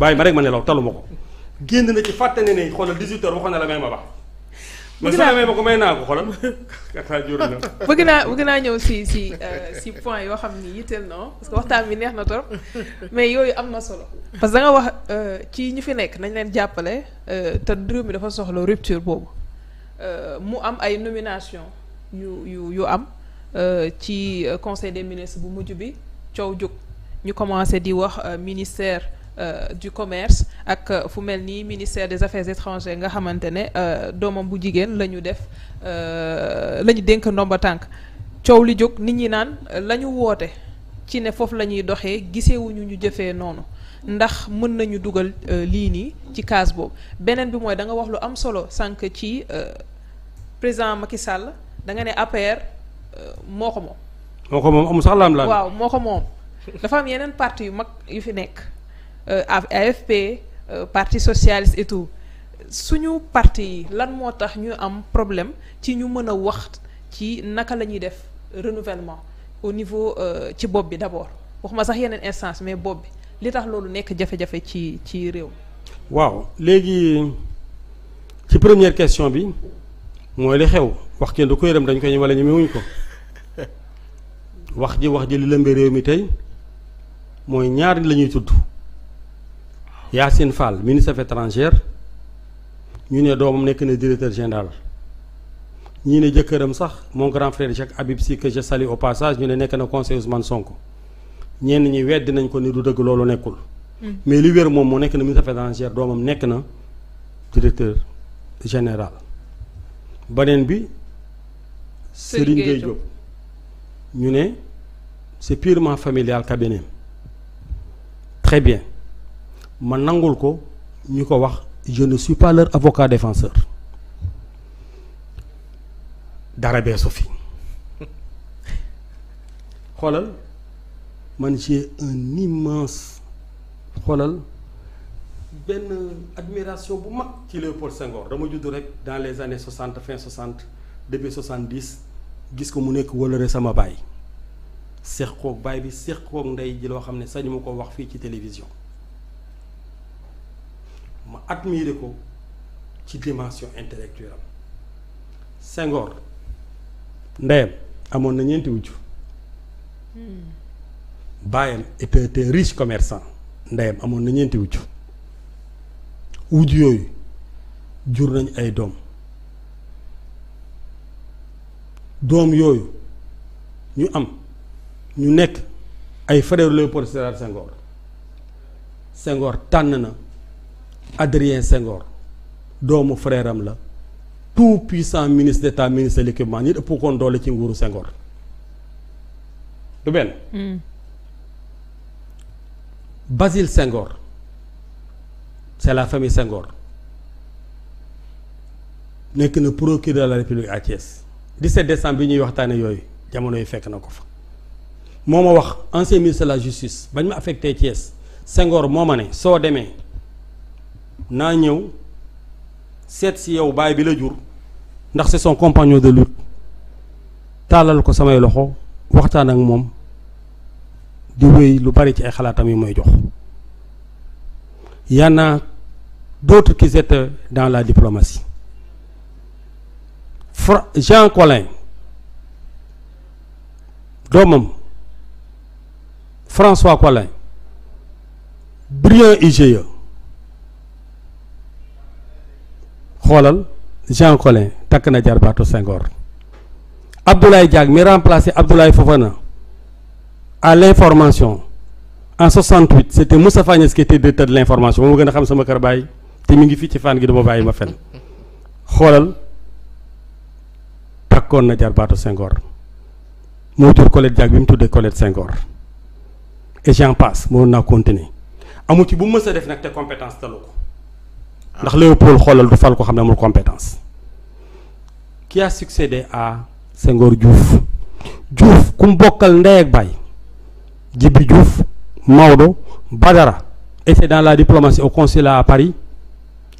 bàyyi ma rek ma nelaw taluma ko génn na ci fàtte ne ne xoolal 18 heures waxoon na la may ma baax. bëgg may naa ko xoolal. bëgg naa bëgg ñëw si si euh, si point yoo xam ni yitteel na parce que waxtaan bi neex na trop mais yooyu am na solo. parce que da wax euh, ci ñu fi nekk nañ leen jàppale euh, te réew mi dafa soxla rupture boobu mu am ay nomination yu yu yu am ci conseil des ministres bu mujj bi coow jóg ñu commencé di wax ministère. Euh, du commerce ak euh, fu mel ni ministère des affaires étrangères nga xamante ne euh, doomam bu jigéen la ñu def la ñu dénk ndomba tànk coow li jóg nit ñi naan la ñu woote ci ne foofu la ñuy doxee gisewuñu ñu jëfee noonu ndax mën nañu dugal lii nii ci case boobu beneen bi mooy da nga wax lu am solo sànq ci président Macky Sall da nga ne APR moo ko moom. moo ko moom amul sax laam laam waaw moo ko moom dafa am yeneen parti yu mag yu fi nekk. Euh, AFP euh, parti socialiste et tout suñu parti yi lan moo tax ñu am problème ci ñu mën a wax ci naka la ñuy def renouvellement au niveau euh, ci bopp bi wax ma sax yeneen instance mais bopp bi li tax loolu nekk jafe-jafe ci ci réew waaw léegi ci première question bi mooy li xew wax kenn du ko yërëm dañ koy ñu wala ñu mewuñ ko wax ji wax ji li réew mi tey mooy ñaar lañuy tudd Yacine Fall ministre des affaires étrangères ñu ne doomam nekk na directeur général ñii ne jëkkëram sax mon grand frère Jacques Habib Sy que je au passage ñu ne nekk na conseiller Ousmane Sonko ñenn ñi weddi nañ ko ni du dëgg loolu nekkul. Hmm. mais li wér moom moo nekk na ministre des affaires étrangères doomam nekk na directeur général. beneen bi. Serigne Gueye Diop ñu ne c'est purement familial cabinet très bien. ma nangul ko ñu ko wax jeune ne suis pas leur avocat défenseur dara beesu fi xoolal man j'ai un immense xoolal benn admiration bu mag ci Léopold Senghor dama judd rek dans les années soixante fin soixante début soixante dix gis ko mu nekk wëlëre sama baay seex koog baay bi seex koog ndey ji loo xam ne sañu ma ko wax fii ci télévision ma admiré ko ci dimension intellectuelle am Senghor ndeyam amoon na ñeenti wujj hmm. baayam était riche commerçant ndeyam amoon na ñeenti wujj wujj yooyu jur nañ ay doom doom yooyu ñu am ñu nekk ay frère Léopold Sédar sengoor Senghor tànn na Adrien Senghor doomu frère am la tout puissant ministre d'état ministre de l'équipement ñi ëpp koon doole ci nguuru Senghor du benn hmm. Basile Senghor c'est la famille Senghor nekk na procureur la République à Thiès 17 décembre bi ñuy waxtaane yooyu jamono yi fekk na ko fa moo ma wax ancien ministre de la justice bañ ma affecté Thiès Senghor moo ma ne soo demee naa ñëw seet si yow baay bi la jur ndax c'est son compagnon de lutte taalal ko samay loxo waxtaan ak moom di wéy lu bari ci ay xalaatam yi mooy jox y en a d'autres qui étaient dans la diplomatie Fra Jean Collin doomam François xoolal Jean Collin takk na jarbaatu Senghor Abdoulaye Diack mi remplacé Abdoulaye Fofana à l'information en 68 c'était Moustapha Niasse qui était directeur de l'information moom ma gën a xam sama kër baay te mi ngi fii ci fan gi dama bàyyi ma fen xoolal takkoon na jarbaatu Senghor moo jur Colette Diack bi mu tuddee Colette Senghor et j'en passe mënoon naa continuer amu ci bu mës a def nag te compétence talu ko ndax Léopold xoolal du fal ko xam ne amul compétence qui a succédé à Senghor Diouf Diouf ku mu bokkal ndey ak baay Djibi Diouf Maodo Badara était dans la diplomatie au consulat à Paris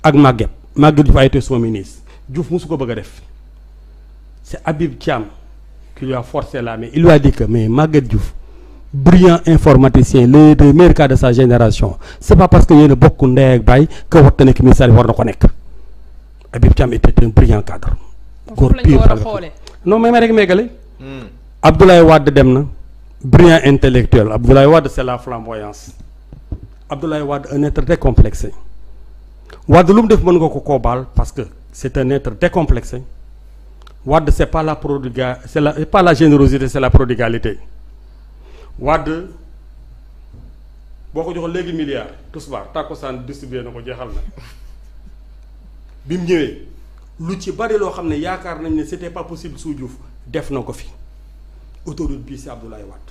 ak Maguette Maguette Diouf a été son ministre Diouf musu ko bëgg a def c'est Habib Thiam qui lui a forcé la mais il lui a dit que mais Maguette Diouf brillant informaticien l'un des meilleurs cadres sa génération c'est pas parce que yéen a bokk ndey ak baay que warut a nekk ministère bi war na ko nekk Habib Thiam était un brillant cadre. góor pire non mais may rek méggale. Hmm. Abdoulaye Wade dem na. brillant intellectuel Abdoulaye Wade c'est la flamboyance Abdoulaye Wade un être décomplexé Wade lu mu def mën nga ko koo baal parce que c'est un être décomplexé Wade c'est pas la prodiga c'est la c'est pas la générosité c'est la prodigalité. Wade boo ko jox léegi milliard tusbaar tàkkusaan distribué na ko jeexal na bi mu ñëwee lu ci bari loo xam ne yaakaar nañ ne c'était pas possible sous Diouf def na ko fi autoroute bii c'est Abdoulaye Wade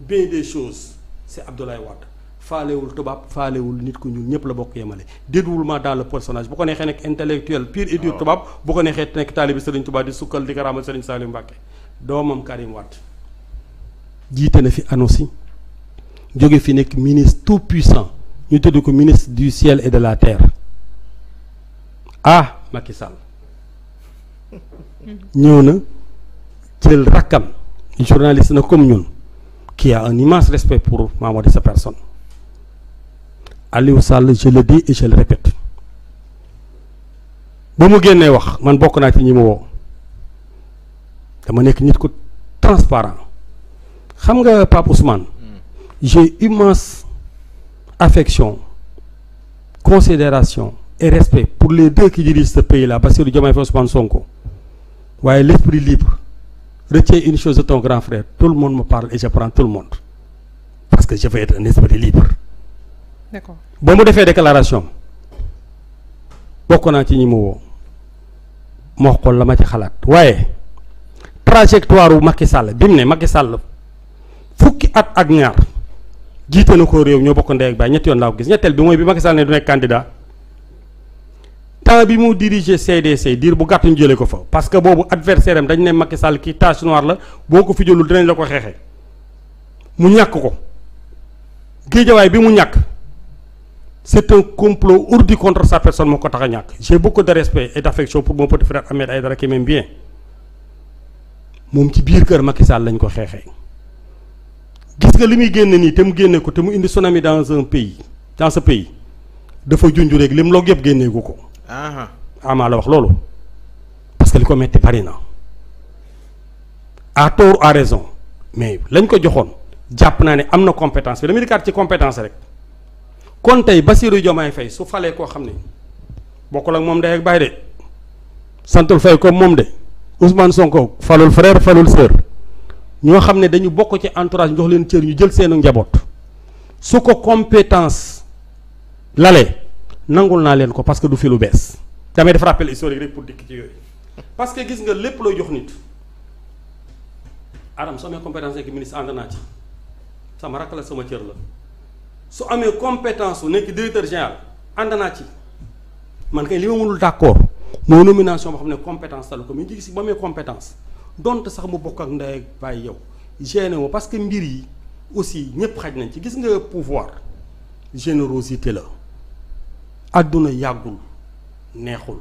bien des choses c'est Abdoulaye Wade faalewul tubaab faalewul nit ku ñuul ñëpp la bokk yemale dédoublement dans le personnage bu ko neexee nekk intellectuel pur et dur ah. tubaab bu ko neexee nekk sa Serigne Touba di sukkal di karaamal Serigne Saliou Mbacké doomam Karim Wade jiite na fi ANOCI jóge fi nekk ministre tout puissant ñu tudd ko ministre du ciel et de la terre ah Macky Sall ñëw na jël rakkam journaliste na comme ñun qui a un immense respect pour Mamadou sa personne Aliou Sall je le dis et je le répète ba mu génnee wax man bokk naa ci ñi mu woo dama nekk nit ku transparent xam nga Pape Ousmane. Hmm. j'ai immense affection considération et respect pour les deux qui dirigent ce pays là Bassirou Diomaye Faye Ousmane Sonko waaye l'esprit libre retiens une chose de ton grand frère tout le monde me parle et je prends tout le monde parce que je veux être un esprit libre. d'accord boo mu defee déclaration bokk naa ci ñi mu woo ma wax la ma ci xalaat waaye trajectoire wu Macky Sall bi mu ne Macky Sall. fukki at ak ñaar jiite na ko réew ñoo bokk ndey ak baay ñetti yoon laa ko gis ñetteel bi mooy bi Macky Sall ne du nekk candidat temps bi mu diriger CDC diir bu gàtt ñu jëlee ko fa parce que boobu adversaire am dañ ne Macky ki kii tache noire la boo ko fi jëlul dinañ la ko xeexee mu ñàkk ko géejawaay bi mu ñàkk c'est un our ourdi contre sa personne moo ko tax a ñàkk j'ai ko de respect et d'affection pour mon petit frère Ahmed Aïdara qui m'aime bien moom ci biir kër Macky Sall lañ ko xeexee gis nga li muy génne nii te mu génne ko te mu indi tsunami dans un pays dans ce dafa junj rek lim loog yëpp génneeku ko. amaa la wax loolu parce que li ko metti bari na à tort à raison mais lañ ko joxoon jàpp naa ne am na compétence bi damay dikkaat ci compétence rek kon tey Bassirou Diomaye Faye su falee koo xam ne bokkul ak moom day ak bàyyi de santul Faye comme moom de Ousmane Sonko falul frère falul sœur. ñoo xam ne dañu bokk ci entourage jox leen cër ñu jël seenu njaboot su ko compétence lale nangul naa leen ko parce que du fi lu bees damay def rappel historique rek pour dikk ci yooyu parce que gis nga lépp looy jox nit Adam su amee compétence nekk ministre ànd naa ci sama rakk la sama cër la su amee compétence su nekk directeur général ànd naa ci man kay li ma mënul d'accord mooy nomination boo xam ne compétence tal ko mi ngi gis ba amee compétence dont sax mu bokk ak ndey ak baay yow gêné wu parce que mbir yi aussi ñëpp xaj nañ ci gis nga pouvoir générosité la àdduna yàggul neexul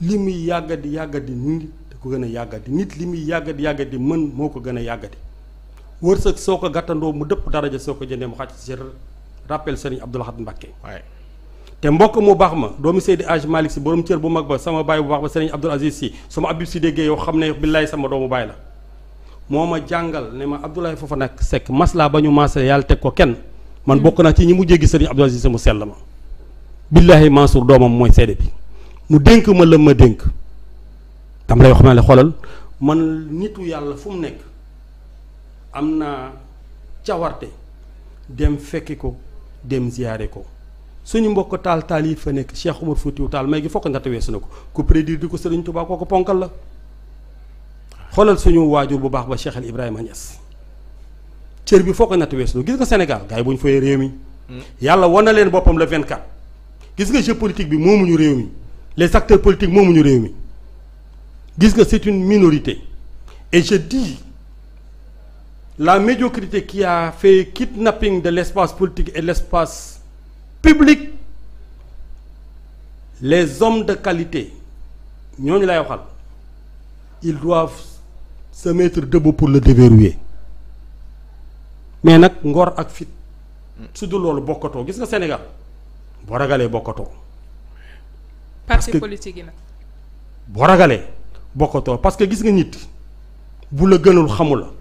li muy yàggadi yàggadi nit da ko gën a yàggadi nit li muy yàggadi yàggadi mën moo ko gën a yàggadi wërsëg soo ko gàttandoo mu dëpp daraja soo ko jëndee mu xàcc ci rappel Serigne Abdoul Ahad Mbacké waaye te mbokk mu baax ma doomu Seydi Aj Malick si borom cër bu mag ba sama baay bu baax ba sëriñ Abdoul Aziz si sama abib si déggee yow xam ne billaay sama doomu baay la moo ma jàngal ne ma Abdoulaye Fofana Seck maslaa ba ñu maasee yàlla teg ko kenn man bokk naa ci ñi mu jéggi sëriñ Abdoul Aziz si mu sell ma billahi Mansour doomam mooy seede bi mu dénk ma la ma dénk dam lay wax ma ne xoolal man nitu yàlla fu mu nekk am naa cawarte dem fekki ko dem ziyaare ko suñu mbokk taal taal yi fa nekk Cheikh Umar Foutiou Taal may gi fokk natt weesu na ko ku prédire di ko Serigne Touba kooku ponkal la xoolal suñu waajur bu baax ba Cheikh Ibrahima Niass cër bi fokk natt weesu na gis nga Sénégal gars yi bu ñu fayee réew mi. Hmm. yàlla wan na leen boppam le 24. gis nga jeu politique bi moomuñu réew mi les acteurs politiques moomuñu réew mi gis nga c'est une minorité et je dis. La médiocrité qui a fait kidnapping de l'espace et de l'espace publique les hommes de qualité ñooñu lay waxal ils doivent se mettre debout pour le déverrouiller mais nag ngor ak fit su dul loolu bokkatoo gis nga Sénégal boo ragalee bokkatoo. parti politique boo ragalee bokkatoo parce que gis nga nit bu la gënul xamula